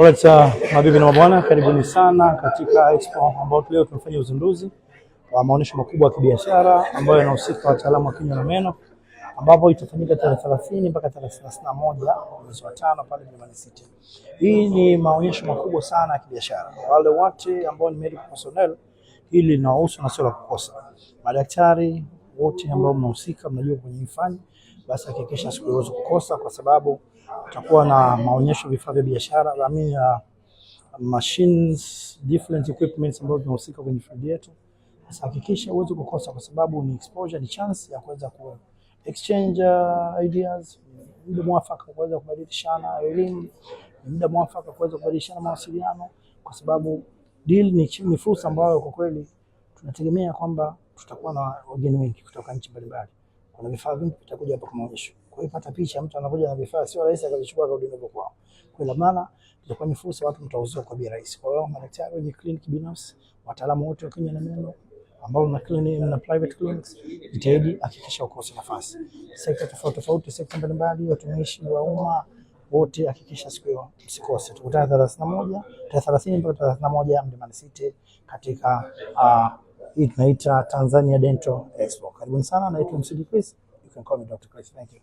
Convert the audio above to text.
Alright, uh, mabibi na mabwana, karibuni sana katika expo ambayo leo tunafanya uzinduzi wa maonyesho makubwa ya kibiashara ambayo yanahusika wataalamu wa kinywa na meno ambapo itafanyika tarehe 30 mpaka tarehe 31 mwezi wa tano pale Mlimani City. Hii ni maonyesho makubwa sana ya kibiashara. Wale wote ambao ni medical personnel hili linawahusu na sio la kukosa. Madaktari, wote ambao mnahusika, mnajua kwenye fani, basi hakikisha siku hiyo kukosa, kwa sababu tutakuwa na maonyesho vifaa vya biashara na uh, machines different equipments ambazo zinahusika kwenye field yetu. Sasa hakikisha uweze kukosa, kwa sababu ni exposure, ni chance ya kuweza ku exchange uh, ideas, muda mwafaka kuweza kubadilishana elimu, muda mwafaka kuweza kubadilishana mawasiliano, kwa sababu deal ni, ni fursa ambayo kwa kweli tunategemea kwamba tutakuwa na wageni wengi kutoka nchi mbalimbali. Kuna vifaa vingi vitakuja hapa kwa maonyesho. Kwa hiyo pata picha, mtu anakuja na vifaa sio rahisi akavichukua akarudi navyo kwao. Kwa hiyo maana itakuwa ni fursa, watu mtauzua kwa bei rahisi. Kwa hiyo madaktari wenye kliniki binafsi, wataalamu wote wa kinywa na meno ambao na clinic na private clinics, itaidi hakikisha ukosi nafasi. Sekta tofauti tofauti, sekta mbalimbali, watumishi wa umma wote hakikisha siku hiyo msikose. Tukutane tarehe 31 tarehe 30 mpaka 31 Mlimani City katika uh, hii tunaita Tanzania Dental Expo. Karibuni sana, naitwa Msudi Chris. You can call me Dr. Chris. Thank you.